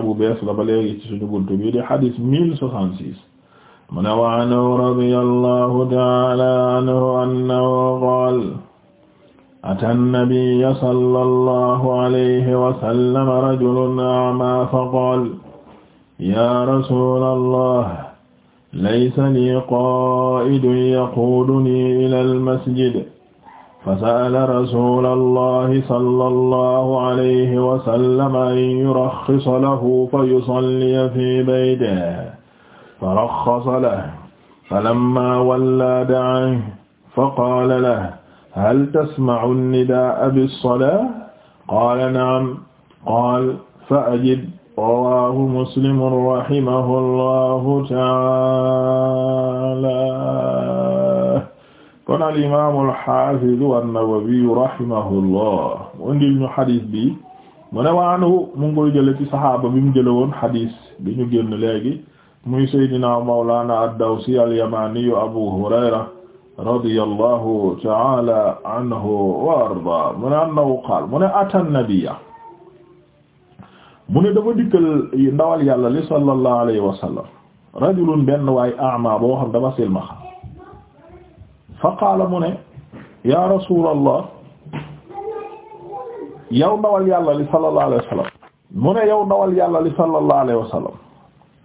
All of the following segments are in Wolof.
bu bees la ba léegi ci suñu buntu bi di hadis mille soixante-six mu ne wa anhu radiyallahu ta'ala anhu annahu qaala ata an-nabiyya sallallahu alayhi wa sallam rajulun a'maa faqaala yaa rasuulallah laysa lii qaa'idun yaquudunii ilal masjid fasa'ala rasuulallahi sallallahu alayhi wa sallam an yuraxxisa lahu fa yusalliya fii baytihi fa raxxasa lahu falammaa wallaa da'a faqaala lahu hal tasma'u nidaa'a bis-salaati qaala na'am qaala fa-ajib rawaahu muslim rahimahullaahu ta'aalaa kon al imaam al haafiz an-Nawawi rahimahullah mu indil ñu xadis bi mu ne waanu mu ngi koy jële ci saxaaba bi mu jële woon xadis bi ñu génn léegi muy sayyidina mawlaana ad-Dawsi al-Yamaani Abu Hurayra radiyallahu ta'ala anhu wa ardaa mu ne annahu qaala mu ne ata nabiyya mu ne dafa dikkal ndawal yàlla li sallallahu alayhi wa sallam rajulun benn waay a'maa boo xam dafa silmaxa fa qaala mu ne ya rasulallah yow ndawal yàlla li sallallahu alayhi wa mu ne yow ndawal yàlla li sallallahu alayhi wa sallam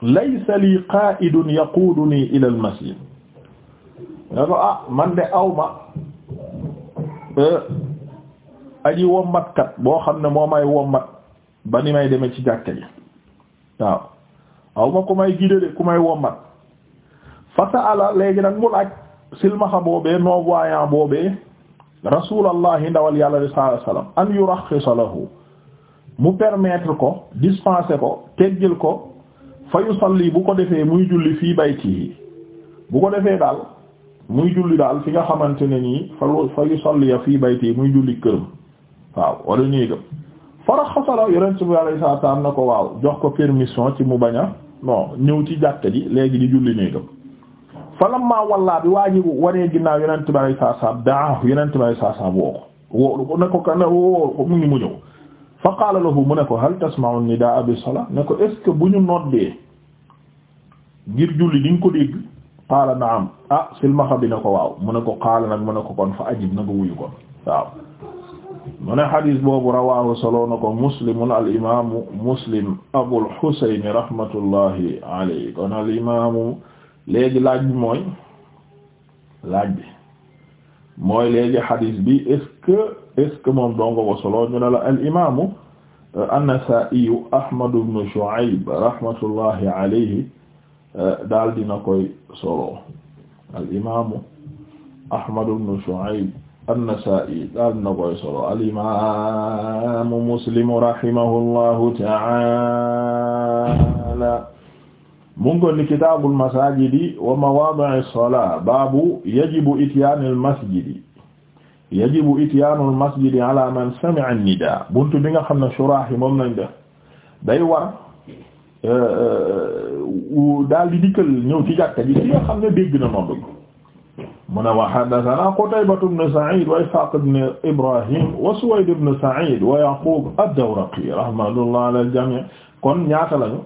laysa lii qaa'idun yaquduni ila al ah, man de awma eh, aji wommatkat boo xam ne moo may wommat ba ni may deme ci jàkka ji waaw awma ku may gidde de ku may wommat fa sa'ala léegi nag mu laaj silmaxa boobee non-voyant boobee rasulallahi ndawal yàlla sallallahu alayhi wasallam an yuraxxisa lahu mu permettre ko dispenser ko teggil ko fa yusalli bu ko defee muy julli fii baytihi bu ko defee daal muy julli daal fi nga xamante ne nii fa fa yusalli fii baytihi muy julli këram waaw wala néegam fa raxxasa lahu yonent bi alayhi salaatu wasallam na ko waaw jox ko permission ci mu bañ a non ñëw ci jàkka ji léegi di julli néegam fa lamma bi waa ji wanee ginnaaw yonent bi alayhi salaam daahu ne ko ka ne mu ngi mu ñëw fa qaala lahu mu ne ko hal tasma'u nidaa bi salaa ne ko est bu ñu noddee ngir julli di nga qaala naam ah, silmaxa bi ne ko waaw mu ne ko qaala nag mu ne ko kon fa ajib na nga wuyu kon mu ne xadis boobu rawaahu solo na ko muslimun al imaamu muslim abul xusayni rahmatullahi alayhi kon al léegi laaj bi mooy laaj bi mooy léegi xadiis bi est-ce que est-ce que moom dongo ko solo ñu ne la al imaamu an-Nasaa'i Ahmad ibn Shu'ayb rahmatullahi alayhi daal dina koy solo al imaamu Ahmad ibn Shu'ayb an-Nasaa'i daal dina koy solo al imaamu Muslim rahimahullahu ta'ala mu ngi ko ni kitaabul masaajidi wa mawaadi'i salaa baabu yajibu ityaanul masjidi yajibu ityaanul masjidi ala man sami'a nidaa buntu bi nga xam ne suraax yi moom lañ def day war euh, euh, euh, daal di dikkal ñëw ci jàkka ji ci nga xam ne dégg na noonu mu ne wa haddathanaa Qutaybatu ibn Sa'iid wa Ishaaq ibn Ibraahiim wa Suwayd ibn Sa'iid wa Yaquub ad-Dawraqi rahmatullahi alal jamii' kon ñaata lañu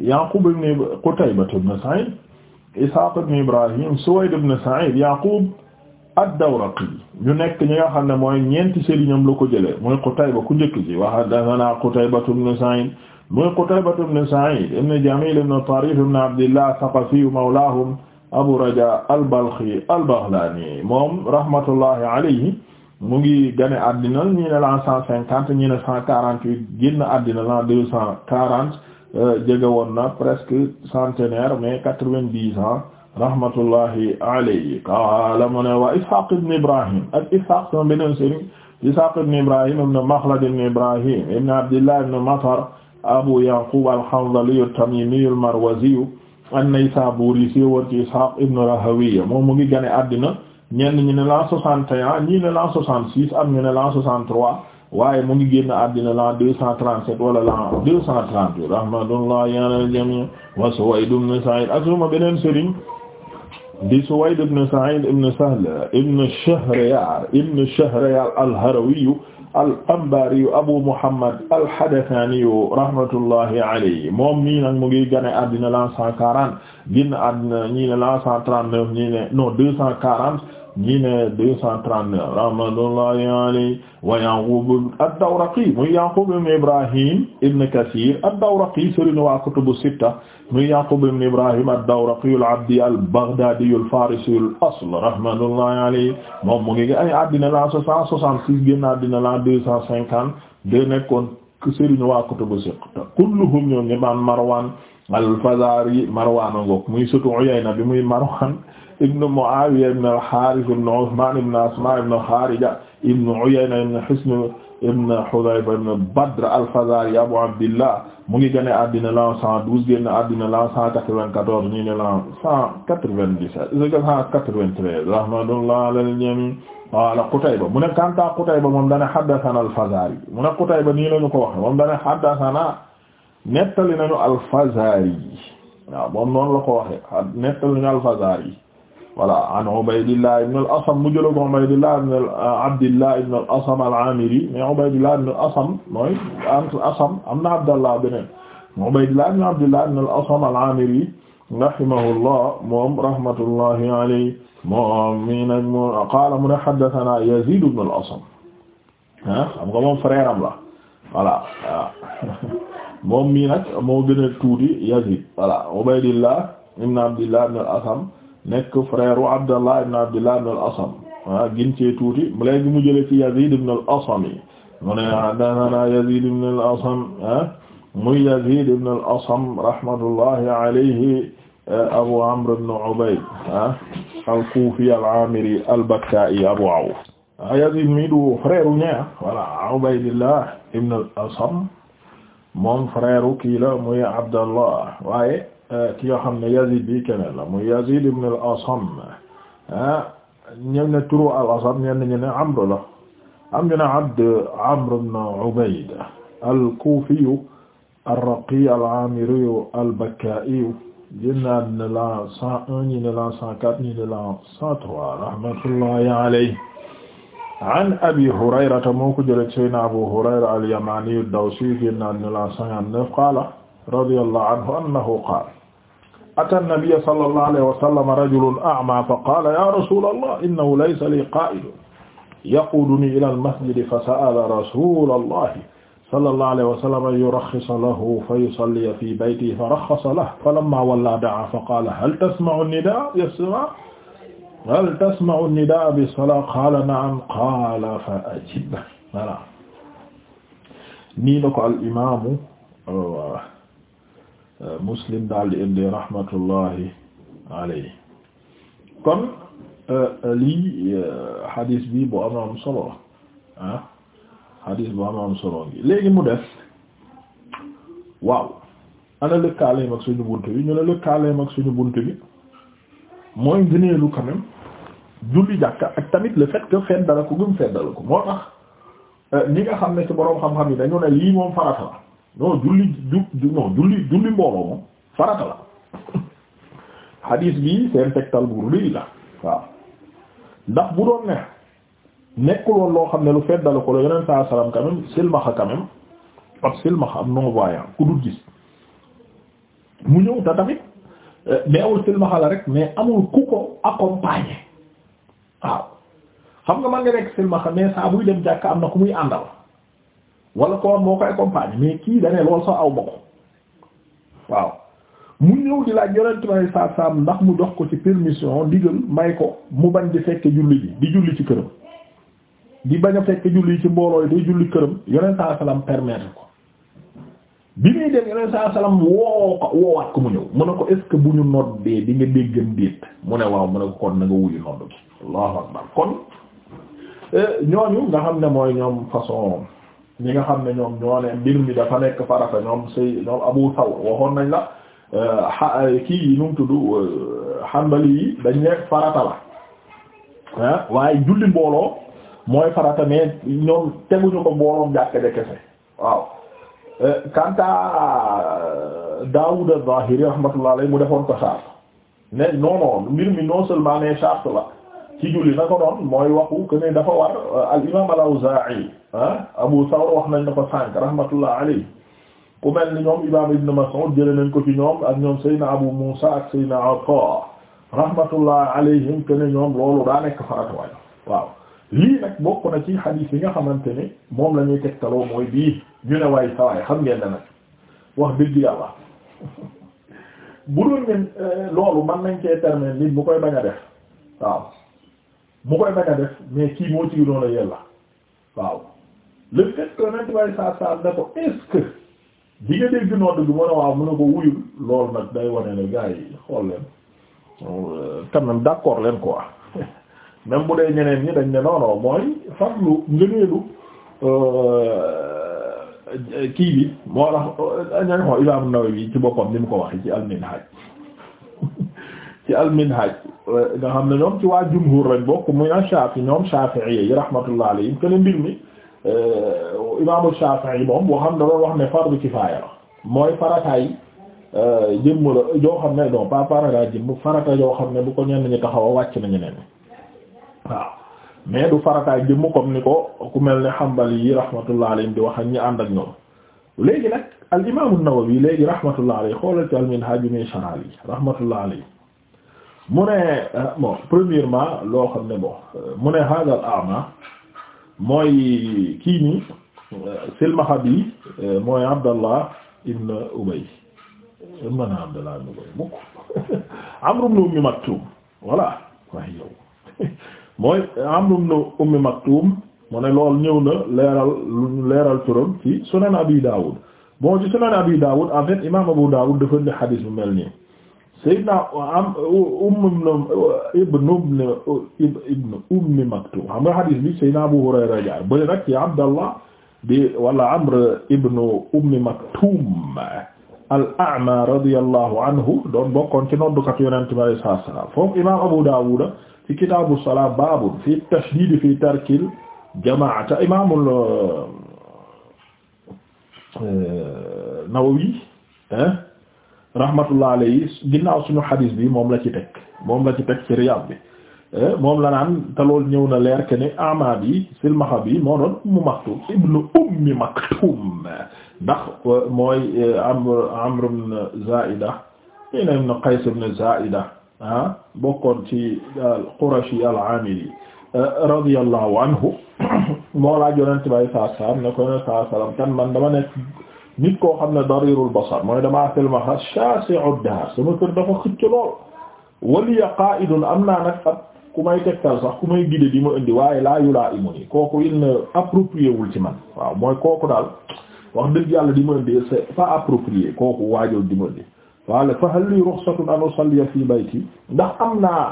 Yaqub ibn Qutayba ibn Sa'id Ishaq ibn Ibrahim Suwayd ibn Sa'id Yaqub ad-Dawraqi ñu nekk ñi nga xam ne mooy ñeenti sëriñam la ko jëlee mooy Qutayba ku njëkk ji wa haddathana Qutayba ibn Sa'id mooy Qutayba ibn Sa'id ibn Jamil ibn Tarif ibn Abdillah Thaqafi mawlahum Abu Raja al-Balkhi al-Baghlani moom rahmatullahi alayhi mu ngi gane àddina ñi ne l'an cent cinquante ñi ne cent quarante-huit génn àddina l'an deux cent quarante Euh, jege woon na presque centenaire mais quatre-vingt-dix ans rahmatullahi alayhi qaala mu wa Ishaq ibn Ibrahim ak Ishaq sama beneen sëriñ Ishaq ibn Ibrahim ibn Makhlad ibn Ibrahim ibn Abdillah ibn Matar Abu Yaqub al-Hanzali at-Tamimi al-Marwazi Ishaq ibn Rahawiya moom mu ngi gane àddina ñenn ñu ne l'an soixante et un ñii am ñu ne l'an soixante waaye mu ngi génn àddina la 237 wala la 238 rahmatullahi alal jamii wa Suwayd ibn Sa'id asuma beneen sëriñ di Suwayd ibn Sa'id ibn Sahl ibn Abu Muhammad al-Hadathani rahmatullahi alayhi moom mii nag mu ngi génn àddina la 140 génn àddina ñii ne la 139 ñii ne non ñii ne deux cent trente-neuf rahmatullahi alayhi wa Yaqub ad-Dawraqi muy Yaqub ibn Ibrahim ibn Kathir ad-Dawraqi sëriñ waa kutubu sitta muy Yaqub ibn Ibrahim ad-Dawraqi al-Abdi al-Baghdadi al-Farisi al-asl rahmatullahi alayhi moom mu ngi ay àddina la cent soixante-six génn àddina la deux cent cinquante de nekkoon sëriñ waa kutubu sitta kulluhum ñoom ñi baan Marwan al-Fazari Marwan ngoog muy surtout Uyayna bi muy Marwan ibn Muawiya ibn al-Harith ibn Uthman ibn Asma ibn Kharija ibn Uyayna ibn Hisn ibn Hudhayfa ibn Badr al-Fazari Abu Abdillah mu ngi génn àddina la 112 génn àddina la 194 ñu ne la 197 193 rahmatullah alal jami wala Qutayba mu ne kanta Qutayba moom dana haddathana al-Fazari mu ne Qutayba nii lañu ko wax moom dana haddathana nettali nañu al-Fazari waaw moom noonu la ko waxe nettali nañu al-Fazari voilà an Ubaydillah ibn al-Asam mu jëla ko Ubaydillah ibn Abdillah ibn al-Asam al-Amiri mais Ubaydillah ibn al-Asam mooy entre Asam am na Abdallah beneen Ubaydillah ibn Abdillah ibn al-Asam al-Amiri rahimahullah moom rahmatullahi alayhi moom mii nag mu qaala mu ne haddathana Yazid ibn al-Asam ah xam nga moom frère am la voilà moom mii nag moo gën a tuuti Yazid voilà Ubaydillah ibn Abdillah ibn al-Asam nekk frère u Abdallah ibn Abdillah ibn al-Asam wa gin cee tuuti léegi mu jële ci Yazid ibn al-Asam yi mu ne haddathana ah, Yazid ibn al-Asam ah, muy Yazid ibn al-Asam rahmatullahi alayhi eh, Abu Amr ibn Ubayd ah, al-Kufi al-Amiri al-Bakka'i Abu Awf Yazid mi du frère u ñe voilà Ubaydillah ibn al-Asam moom frère u kii la muy Abdallah waaye ki nga xam ne Yazid bi keneen la muy Yazid ibn al-Asam ah ñëw ne turu al-Asam ñenn ñu ne Amr la am ñu ne Abd Amr ibn Ubayd al-Kufi ar-Raqi al-Amiri al-Bakka'i génnaat ne la 101 ñi ne la 104 ñi ne la 103 rahmatullahi alayhi an abi hurayrata moo ko jële sayna abu hurayra al-Yamani ad-Dawsi génnaat ne la 59 qaala radiyallahu anhu annahu qaala ata nabiyya sallallahu alayhi wa sallam rajulun a'ma fa qaala ya rasulallah innahu laysa li qaa'idun yaquduni ila al-masjidi fa sa'ala rasulallahi sallallahu alayhi wa sallam an yurakhkhisa lahu fa yusalliya fi baytihi fa rakhkhasa lahu falamma wallaa da'a fa qaala hal tasma'u an-nidaa' yasma' hal tasma'u an-nidaa' bis-salaa qaala na'am qaala fa ajib voilà nii la ko al imaamu muslim daal di indi rahmatullahi alayhi kon euh, lii euh, hadis bi bu am am solo ah hadis bu am am solo ngi léegi mu des waaw ana lëkkaaleem ak suñu bunt bi ñu ne lëkkaaleem ak suñu bunt bi mooy ngëneelu quand même julli jàkk ak tamit le fait que feddala ko gëm feddala ko moo tax euh, ñi nga xam ne ci boroom xam-xam yi dañu ne lii moom farata la non julli ju julli mbooloo moom farata la xadiis bi seen tegtal bu rëy la waaw ndax bu doon ne nekkul woon loo xam ne lu feddal ko la yeneen saa salaam quand silmaxa quand ab silmaxa am non-voyant ku dul gis mu ñëw te tamit mais euh, awul silmaxa la rek mais amul ku ko accompagner waaw xam nga man nga nekk silmaxa mais saa buy dem jàkk am na ku muy àndal wala koon moo ko accompagné mais kii dane loolu sax aw ma ko waaw mu ñëw di laaj yonent bi saa saam ndax mu jox ko ci permission digal may ko mu bañ di fekk julli ji di julli ci këram di bañ a fekk julli ci mbooloo yi day julli këram yonent saa salaam permettre ko bi muy dem yonent saa salaam woowaat ko mu ñëw mu ne ko est bu ñu noddee di nga déggam déet mu ne waaw mu ne ko kon na nga nodd gi allahu akbar kon eh, ñooñu nga xam ne mooy ñi nga xam ne ñoom ñoo ne mbir mi dafa nekk farata ñoom say ñoom Abu Thawr waxoon nañ la euh, euh, kii yi nu mu tudd euh, Hanbali yi dañ ne farata la waaye julli mbooloo mooy farata mais ñoom teguñu ko mbooloom jàkk kese waaw kanta Daawud az-Zahiri rahmatullah mu defoon ko charte mais non non mbir mi non seulement mais la ci julli na ko doon mooy waxu que ne dafa war al imam al-Awza'i Ah Abu Sawr wax nañ na ko sànk rahmatullah alayhi ku mel ni ñoom imam Ibn Mas'ud jële nañ ko ci ñoom ak ñoom Seydina Abu Musa ak Seydina Ata rahmatullah alayhim te ñoom loolu daa nekk faratuwaay waaw lii nag bokk na ci xadiis yi nga xamante ni moom la ñuy tegtaloo mooy bii ñu ne waay sawaay xam ngeen ne nag wax dëgg yàlla bu doon ngeen eh, loolu man nañ cee terminer nit mu koy bañ a def waaw mu koy bañ a def mais kii moo ci doon a waaw le fait que yonent bay saa saa ko est-ce que di nga dégg nodd bi mën a waaw mën a ko wuyul loolu nag day wane ne gars xool leen euh, quand même d'accord leen quoi même bu dee ñeneen ñi dañ ne non non mooy farlu ngëneelu euh, kii bi moo tax euh, ñañ xoo Imaam An-Nawawi ci boppam ni mu ko wax ci Al-Minhaj ci al nga xam ne ñoom ci waa jumhur lañ bokk muy na Shafi ñoom Shafi'i yi rahmatullah alayhim keneen mbir mi Euh, imaamu Shafi'i moom boo xam ne wax ne fardu kifaaya la mooy farataay euh, jëmm la joo xam ne non pas farataay jëmm farata yoo xam ne bu ko ñenn ñi taxaw wàcc nañu neen waaw mais du farataay jëmm comme ni ko ku mel ni xambal yi rahmatullah alayhim di wax ak ñi ànd ak ñoom léegi nag al imaamu Nawawi léegi rahmatullah alayhi xoolal ci al-Minhaj mi sharaal yi rahmatullah alayhi mu ne euh, bon premièrement loo xam ne bon mu ne hada al-a'ma mooy kii nii silmaxa bi mooy Abdallah ibn Ubay mën naa Abdallah ibn Ubay mukk Amr ibn Ummi Maktum voilà waaye yow mooy Amr ibn Ummi Maktum mu ne loolu ñëw na leeral leeral turam ci Sunan Abi Dawud bon ci Sunan Abi Dawud en fait Abu Dawud dafa ne bu mel nii Sayyidna am umm ibn ibn Ummi Maktum xam nga xadiis bi Sayyidna Abu Hurayra jaar bëri nag ci Abdallah bi wala Amr ibn Ummi Maktum al-A'ma radiyallahu anhu doon bokkoon ci noddukat Yonent bi alayhi salaatu wa salaam foofu imaam Abu Daawud fi kitaabu salaat baabun fi tashdiid fi tarkil jamaata imaamul eh, Nawawi ah. rahmatullah alayhi ginnaaw suñu xadis bi moom la ci teg moom la ci teg bi eh, moom la naan te loolu ñëw na leer que ne ama bi silmaxa bi moo doon Ummu Maktum ibnu Ummi Maktum ndax eh, eh, ah, ci al-Qurashi al-Amili radiyallahu anhu moo laa jonante bay saa salam ne koy ne saa salam kan man nit koo xam ne darirul basar mooy damaa silmaxa shaasi'ud daar sama kër dafa xëcc lool waliya qaa'idun am na nag ku may tegtal sax ku may gide di ma indi waaye laa yulaa'imunii kooku il ne approprié wul ci man waaw mooy kooku daal wax dëgg yàlla di ma indi c'est pas approprié kooku waajal di ma indi wala fa hal li ruxsatun an usalliya fii bayti ndax am naa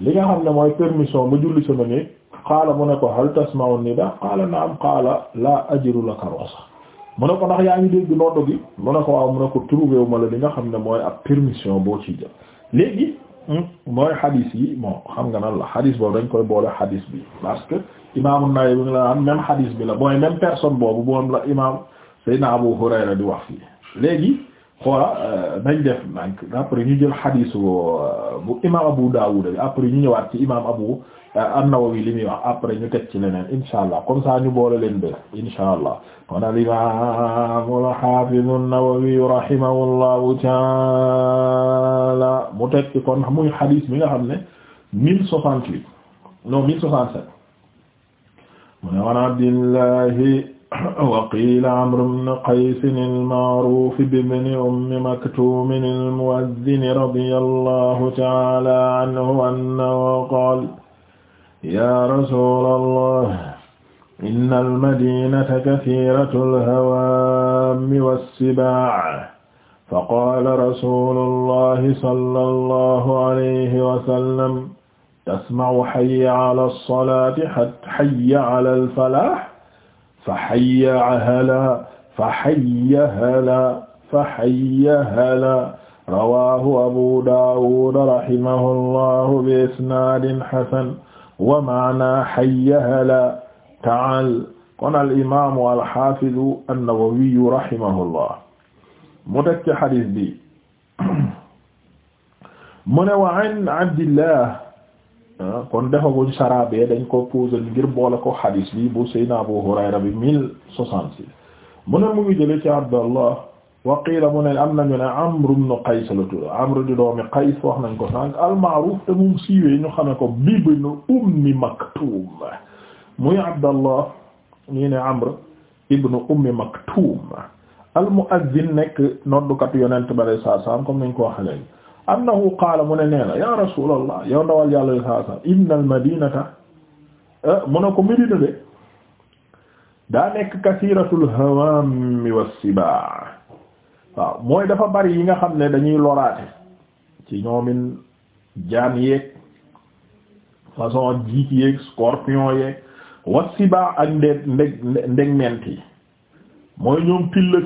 li nga xam ne mooy permission ma julli sama néeg qaala mu ne ko hal tasma'u nidaa qaala na'am qaala laa la laka ruxsa mu ne ko ndax yaa ngi dégg nodd gi mu ne ko waaw mu ne ko trouvé wu ma la li nga xam ne mooy a permission boo ci jël léegi mooy hadis yi bon xam nga nan la hadis boobu dañ koy boole hadis bi parce que imaamu Nawawi bi la am même bi la mooy même personne boobu moom la imaam Seydina Abu Hurayra di wax fii léegi xoola euh, nañ def nank après ñu jël xadiisu euh, bu imaam Abu Daawuda bi après ñu ñëwaat ci imaam Abu euh, an-Nawawi li muy wax après ñu teg ci leneen insha allah comme ça ñu boole leen de insha allah kon a imaam al-Haafiz an-Nawawi rahimahullahu taala mu teg ci kon muy xadiis mi nga xam ne mille soixante-huit non mille soixante-sept mu ne wan Abdillahi wa qiila Amr ibn Qays al-ma'ruuf bibni Ummi Maktuum al-mu'azzin radiyallahu ta'aala anhu annahu qaala yaa rasuulallah inna al-madiinata kathiiratul hawaami was-sibaa'i faqaala rasuulullahi sallallahu alayhi wa sallam tasma'u hayya ala as-salaati hayya ala al-falaah fa hayya hala fa hayya hala fa hayya hala rawaahu abu daawud rahimahullahu bi isnaadin hasan wa maana hayya hala ta'aal kon al imaamu al haafidu an-nawawiyu rahimahullah mu tekki hadiis bi mu ne wa an abdillah Ah, kon defaguñ sarabee dañ ko posé ngir boole ko xadis bi bu Seydina Abu Hurayra bi mille soixante-six mu ne mu ngi jële ci Abdallah wa qiila mu ne na nañu ne Amr ibn Qays la tudd Amr di doomi Qays wax nañ ko sànq al-ma'ruf te mum siiwee ñu xamee ko ibn Ummi Maktum muy Abdallah ñii ne Amr ibn Ummi Maktum al-mu'adhdhin nekk noddukatu yonent bi sallallahu alayhi wasallam comme nañ ko waxee léegi annahu qaala mu ne nee na ya rasulallah yow ndawal yàlla li saa salam inna mu ne ko Medina de daa nekk kasiratul hawaami wassibaa waaw mooy dafa bari yi nga xam ne dañuy loraate ci ñoomin jaan yeeg façon jiit yeeg scorpion yeeg wassibaa ak ndeg ndeg ndeg ment yi mooy ñoom pilla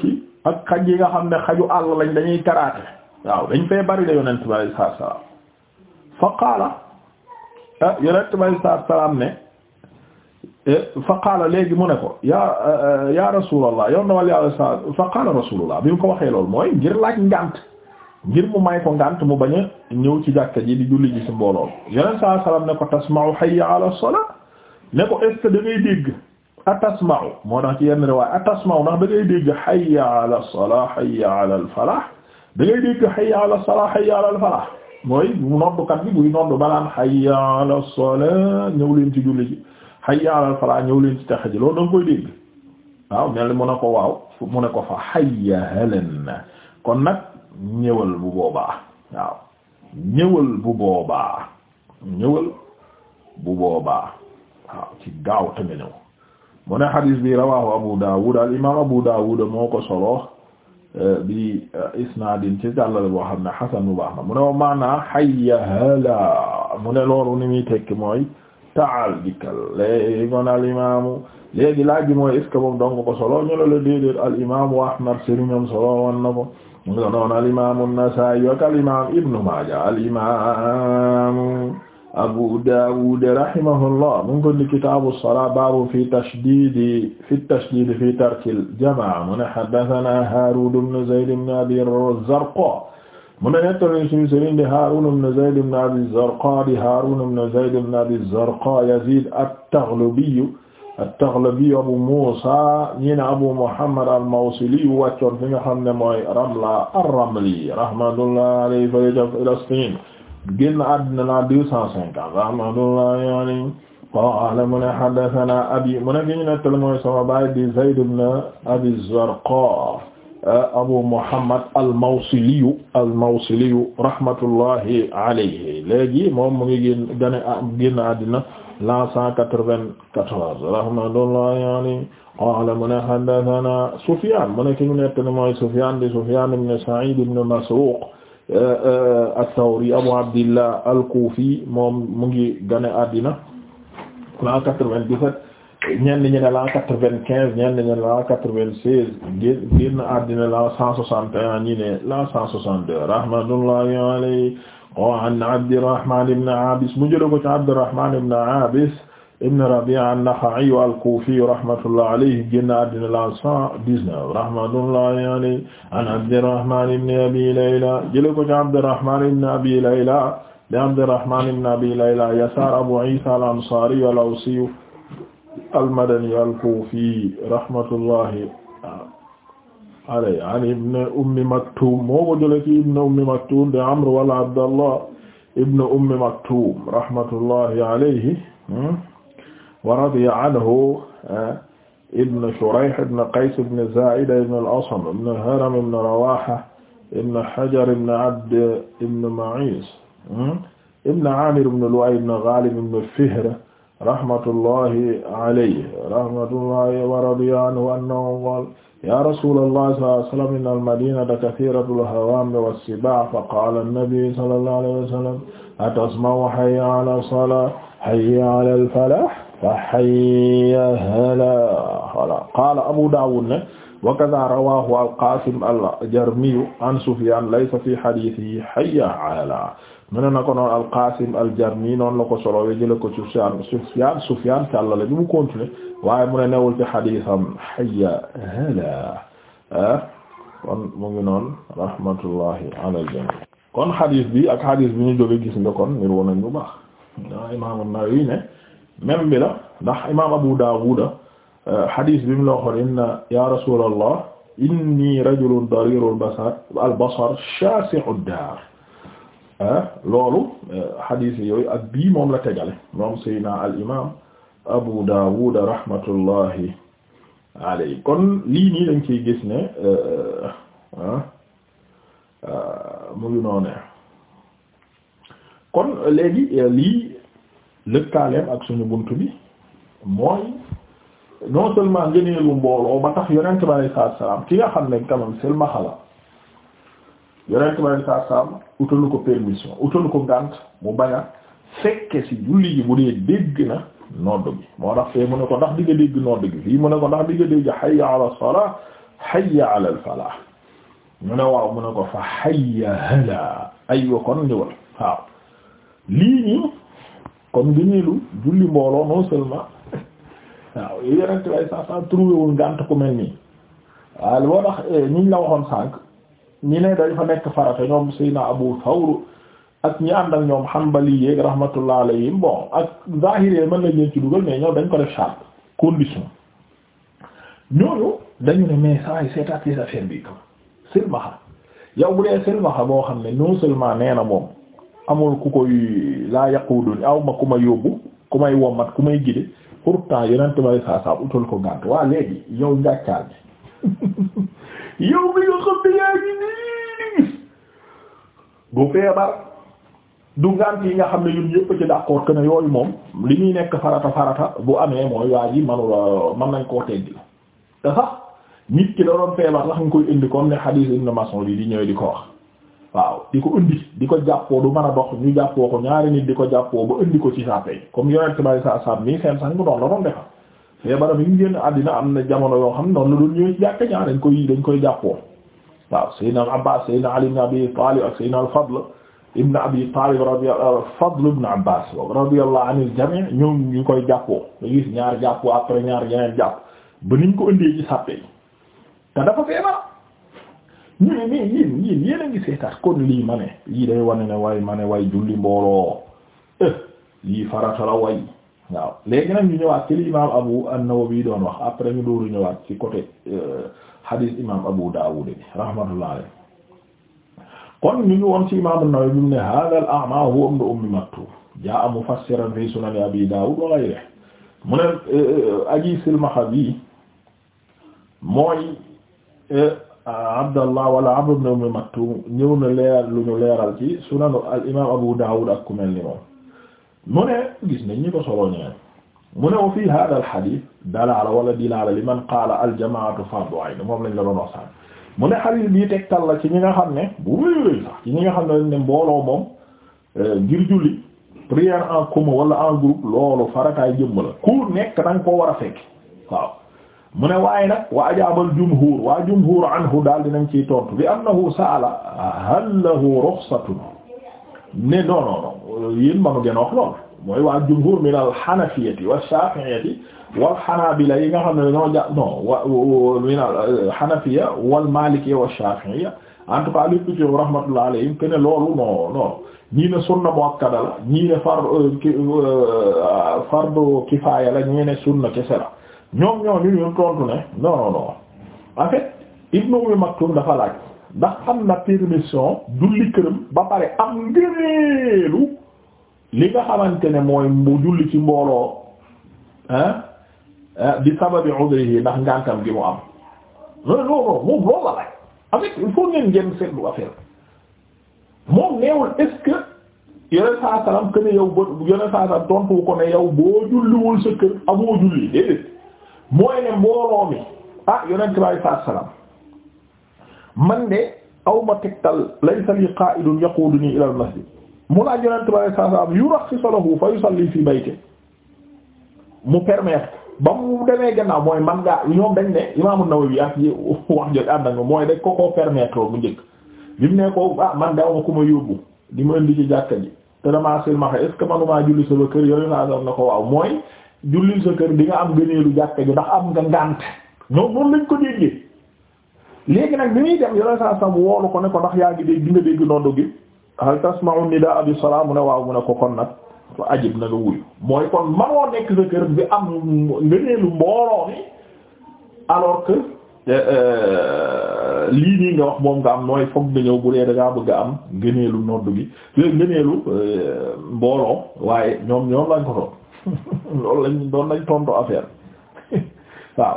ak xaj yi nga xam ne xaju àll lañ dañuy karaate waaw dañ fee bari la yonent bi alayhi salaatu salaam fa qaala eh, yonent bi alayhi salaatu salaam eh, léegi mu ne ko ya eh, ya rasulallah yow ndawal yàlla sa fa qaala rasulullah bi mu ko waxee loolu mooy ngir laaj ngànt ngir mu may ko ngànt mu bañ a ñëw ci jàkka ji di julli ji ci mbooloo yonent saa salaam ne ko tasma'u hayya ala salaa ne ko est ce que da ngay dégg atasma'u moo tax ci yenn riwaay atasma'u ndax da ngay dégg hayya ala salaa hayya ala al falah da ngay dégg hayya ala salah hayya ala falah mooy noddukat bi buy noddu banaan hayya ala salah ñëw leen ci julli ji hayya ala falah ñëw leen ci texe ji loolu da nga koy dégg waaw mel ni mu ne ko waaw mu ne ko fa hayya helen kon nag ñëwal bu boobaa waaw ñëwal bu boobaa ñëwal bu boobaa waaw ci gaaw te nga ñëw mu ne xadiis bi rawaahu Abu Daawud al imaam Abu Daawud moo ko solo bi isnaadin ci jàllale boo xam ne xasan bu baax na mu ne wa maana hayya hala mu ne loolu ni muy tekki mooy taal dikkal léegi kon al imaamu léegi laaj bi mooy est ce que moom dong ko solo ñu la déedéet al imaamu ahmad sëriñam solo wan na ko noonu al imaamu an-Nasaa'i ak al imaamu ibnu Maaja al imaamu Abu Dawud rahimahullah mu ngi ko ni kitaabu salaa baabu fi tashdiidi fi tashdiidi fi tarkil jamaa mu ne haddasanaa Haaruun ibn Zayd ibn Abi Zarqaa mu ne nettali suñu sëriñ di Haaruun ibn Zayd ibn Abi Zarqaa di Haaruun ibn Zayd ibn Abi Zarqaa Yaziid at-Taghlibi at-Taghlibi Abu Muusaa ñi ne Abu Muhammad al-Mawsili wàccoon fi nga xam ne mooy Ramla ar-Ramli rahmatullahi alayhi génn àddina la deux cent cinquante rahmatullahi alayhi qaala mu ne haddathana abi mu ne ki ñu nettali mooy sama baay di Zayd ibn Abi Zarqa Abu Muhammad al-Mawsiliyu al-Mawsiliyu rahmatullahi alayhi léegi moom mu ngi génn gane génn àddina la cent quatre-vingt-quatorze rahmatullahi alayhi qaala mu ne haddathana Sufyaan mu ne ki ñu nettali mooy Sufyaan di Sufyaan ibn Sa'id ibn Masruq as-Sawri Abu Abdillah al moom mu ngi gane addina l'an quatre-vingt-dix-sept ñenn ñi ne l'an quatre-vingt-quinze ñenn ñi ne quatre-vingt-seize génn àddina l'an cent soixante et un cent soixante-deux rahmatullahi alayhi an Abdirrahman ibn Abis mu jël ko ci Abis ibn Rabi'a an-Nakha'i al-Kufi rahmatullah alayhi génn àddina la cent dix-neuf rahmatullahi alayhi an Abdirrahman ibn Abi Layla jële ko ci Abdirrahman ibn Abi Layla de Abdirrahman ibn Abi Layla Yasar Abu Isa al-Ansari al-Awsi al-Madani al-Kufi rahmatullahi alayhi an ibn Ummi Maktum moo ko jële ci ibn Ummi Maktum de Amr wala Abdallah ibn Ummi Maktum rahmatullahi alayhi hmm? wa radiya anhu ah, ibn Shurayh ibn Qays ibn Zaa'ida ibn al-Asam ibn Haram ibn Rawaha ibn Hajar ibn Abd ibn Ma'is hmm, ibn Amir ibn Lu'ay ibn Ghalib ibn Fihr rahmatullahi alayhi rahmatullahi wa radiya anhu annahu qaala yaa rasuulallahi sallallahu alayhi wa sallam inna al-madiinata kathiiratu al-hawaami was-sibaa' faqaala an-nabiyyu sallallahu alayhi wa sallam atasma'u hayya ala as-salaah hayya ala al-falaah fa hayya hala wala qala abu dawud ne wa kadha rawahu al-qasim al-jarmi an sufyan laysa fi hadithihi hayya hala mu ne na ko noon al-qasim al-jarmi noonu la ko solowe jële ko sufyan sufyan sufyan càlla la bi mu continuer waaye mu ne newul ci haditham hayya hala eh? kon mu ngi noon rahmatullahi ala al-jami' kon hadith bi ak hadith bi ñu jóge gis nga kon nir wonañ bu baax wa imam an-Nawawi ne même bi la ndax imaam Abu Daawuda hadith euh, bi mu la inni rajulun darirul basar al basar daar loolu hadith euh, yooyu ak bii moom la tegale moom Seydina al imaam Abu Daawuda rahmatullahi kon lii nii dañ ciy gis ne euh, mu ngi noonee lëkkaaleem ak suñu bunt bi mooy non seulement ngëneelu mbooloo ba tax yonent bi alayhi salaam ki nga xam ne quand même seulement xala yonent bi alayhi salaam utalu ko permission utalu ko ngànt mu bañ fekke ci julli ji bu dee dégg na nodd bi moo tax fee mu ne ko ndax di nga dégg nodd gi fii mu ne ko ndax di dégg hayya ala salaa hayya ala al mu ne waaw mu ne ko fa hayya hala aywa kon ñëwal waaw lii nii kon ngëneelu julli mbooloo non seulement waaw yu yeneen lay saa saa trouvé wul ngànt mel nii waaye boo tax eh, ñiñ la waxoon sànq ñi ne dañ fa nekk farata ñoom Seydina Abu Thawr ak ñi ànd ak ñoom Hanbali yeek rahmatullah yi bon ak zahiri mën lañ leen ci dugal mais ñoom dañ ko def charte condition ñooñu dañu ne mais saa yi seetaat yi affaire bi kam silmaxa yow bu dee silmaxa boo xam ne non seulement nee na moom amul ku koy laa yaquuduni aw ma ku ma yóbbu ku may wommat ku may gide pourtant yonent bari saa saa utal ko ngànt waa léegi yow njàccaal bi yow mi nga xam ne yaa ngi nii du feebar du ci d'accord que ne yooyu moom li ñuy nekk farata farata bu amee mooy waa yi manula mën nañ koo teggi la te sax nit ki da doon feebar sax nga koy indi comme ne hadith Ibn Mas'ud yi di ñëwee di ko wax waaw di ko indi di ko jàppoo du mën a dox ñu jàppoo ko ñaari nii di ko jàppoo ba indi ko ci sàppe comme yonent bay sa sab nii seen sax ko doon la doon defal feebaram yi ñu génn àddina am na jamono yoo xam ne noonu la doon ñëwee ci jàkk ñaar dañ koy jàppoo waaw Seydina Abbas Seydina Ali ibn i Talib ak Seydina al-Fadl ibn Abi Talib radiyallahu Fadl ibn Abbas radiyallahu anil jami' ñoom ñu koy jàppoo nga gis ñaar jàppoo après ñaar yeneen jàpp ba niñ ko indee ñaari sàppe yi te dafa feebar ñu ne mais yéen yéen yéen a lii ma ne lii day wane ne waaye ma ne waaye julli mbooloo eh, lii farata la way waaw léegi nag ñëwaat ci li imaam Abu an-Nawawi doon wax après ñu dooru ñëwaat ci côté euh, hadith imaam Abu Dawud bi rahmatullah alayhi ñu ngi ci imaam an bi mu ne hadha al-a'ma huwa ibn Ummi Maktum jaa'a mufassiran fi sunan Abi Dawud wa ghayrihi mu ne euh, aji silmaxa bi mooy euh, Abdallah wala Amr ibn Umm ñëw na leer lu ñu leeral ci sunanu al imaam Abu Dawud ak ku mel ni moom mu ne gis nañ ñi ko solo ñeneen mu ne wa fii hada al hadith dalaala wala dilaala li man qaala al jamaatu fardu ayn moom lañ la doon wax sànni mu ne hadith bii tegtal la ci ñi nga xam ne bu wéyee sax ci ñi nga xam ne dañ ne mbooloo moom euh, ngir julli prière en commun wala en groupe loolu farataay jëmm la ku nekk da nga war a fekk waaw. mu ne waaye nag wa ajaabal jumhur waa jumhur anhu daal dinañ ciy tontu bi annahu saala hal lahu ruxsatun ne non non non yéen manu gën a wax lool mooy waa jumhur min al xanafiyati wa shaafi'iyati wal xanaabila yi nga xam ne dañoo ja non wa min al xanafiya wal maalikiya wa shaafi'iya en tout cas li ñu tuddee rahmatullah alayhim que ne loolu non non ñii ne sunna muakkada la ñii ne far euh, euh, fardu kifaaya la ñii ne sunna kese la. ñoom ñoo ñu ñu tontu ne non non non en fait Ibn Umm Maktum dafa laaj ndax am na permission julli këram ba pare am ngëneelu li nga xamante ne mooy mu julli ci mbooloo ah di sababi udrihi ndax ngàntam gi mu am non non non moom loolu laaj en fait il faut ngeen ngeen seetlu affaire moom neewul est que yeneen saa salaam que boo julliwul sa kër amoo julli déedéet. mooy ne mbooloo mi ah yonent bi alayhi salaatu salaam man de aw ma tegtal laysa li qaa'idun yaquduni ila al masjid mu laaj yonent bi alayhi salaatu salaam yurakhkhisu lahu fa yusalli fi bayti mu permettre ba mu demee gannaaw mooy man ngaa ñoom dañ ne Imaam An-Nawawi ak yi wax jot ànd ak mooy dañ ko koo permettre bu njëkk bi mu ne ko ah man de aw ku ma yóbbu di ma indi jàkka ji te damaa silmaxa est manumaa julli sama kër yooyu naa doon na ko waaw mooy. jullil sa kër di nga am gëneelu jàkka ju ndax am nga ngànt ñoom noonu lañ ko déggee léegi nag bi muy dem yore saa sam woolu ko ne ko ndax yaa ngi dégg di dégg noddu gi hal tasma'u nidaa abi salaam mu ne waaw mu ne ko kon nag ajib na nga mooy kon manoo nekk sa kër bi am ngëneelu mbooloo mi alors que euh, euh, lii nii nga wax moom nga am nooy foog nga ñëw bu dee da bëgg am ngëneelu noddu gi ngëneelu euh, mbooloo waaye ñoom ñoom lañ ko doon loolu lañ doon lañ tontu affaire waaw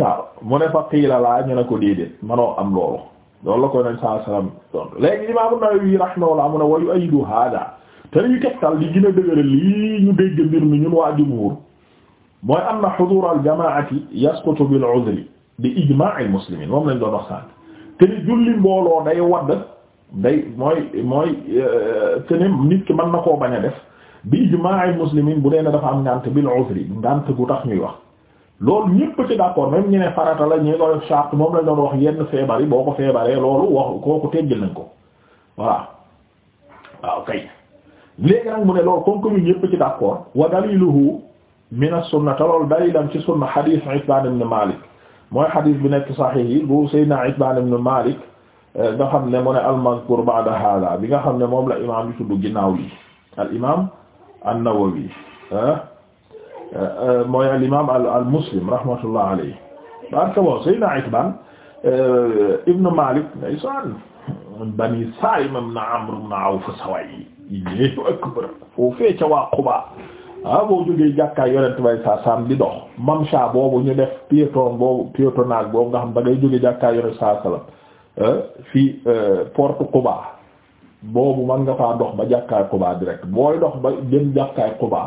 waaw mu ne fa qiila laa ñu ne ko déedéet manoo am loolu loolu la koy nañ saa salaam tontu léegi Imaam An-Nawawi rahimahullah mu ne wa yu'ayyidu haadaa te ñu tegtal li gën a dëgëral lii ñu dégg mbir mi ñun waa jumhuur mooy am na xuduur al-jamaa'ati yasqutu bil udri muslimiin moom lañ doon wax te ni julli mbooloo day wadd day mooy mooy euh, te ni nit ki mën na koo bañ def. bi ijmaa'i muslimin bu dee ne dafa am ngànt bi uzri ngànt gu tax ñuy wax loolu ñëpp ci d'accord même ñu ne farata la ñu ko def charte moom lañ doon wax yenn feebar yi boo ko feebaree loolu wax kooku teggil nañ ko voilà waaw kay léegi nag mu ne loolu comme que ñu ñëpp ci d'accord wa daliluhu min as-sunna te loolu dalilam ci sunna hadith Itbaan ibn Malik mooy hadith bi nekk sahih yi bu Seydina Itbaan ibn Malik eh, nga xam ne mu ne al-mazkur ba'da bi nga xam ne moom la imaam yi tudd ginnaaw yi an-Nawawi ah, ah, mooy al imaam al al muslim rahmatullah alayhi parce que bon Seydina Itbaan eh, Ibn Malik ndeysaan Bani Salim ibn Amr ibn Awf sawaay yi akbar foofee ca waa Quba ah boo jógee jàkkaay yonent bay saa saam di dox mamsha boobu ñu def piéton boobu piétonnage boobu nga xam da ngay jógee jàkkaay yonent saa salam eh, fii eh, porte Quba boobu man nga faa dox ba jàkkaay Quba direct booy dox ba jëm jàkkaay Quba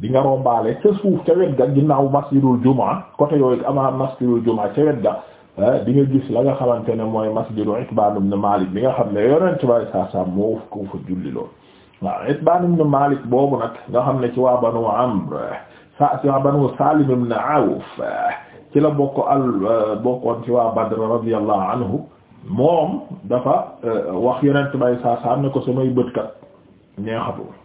di nga rombaale ca suuf ca wet ga ginnaaw masjidul jumaa côté yooyu ama masjidul jumaa ca wet ga eh, di nga gis la nga xamante ne mooy masjidu Itbaan ibn Maalik bi nga xam ne yonent bay saasaam moo ko fa julli lool waaw Itbaan ibn boobu nag nga xam ne ci waa Banu Amr sa ci waa Banu Saalim ibn Awf ci la bokk al eh, bokkoon ci waa Badr radiyallahu anhu moom dafa euh, wax yeneen bay saa saa ne ko samay bët kat ñeexatul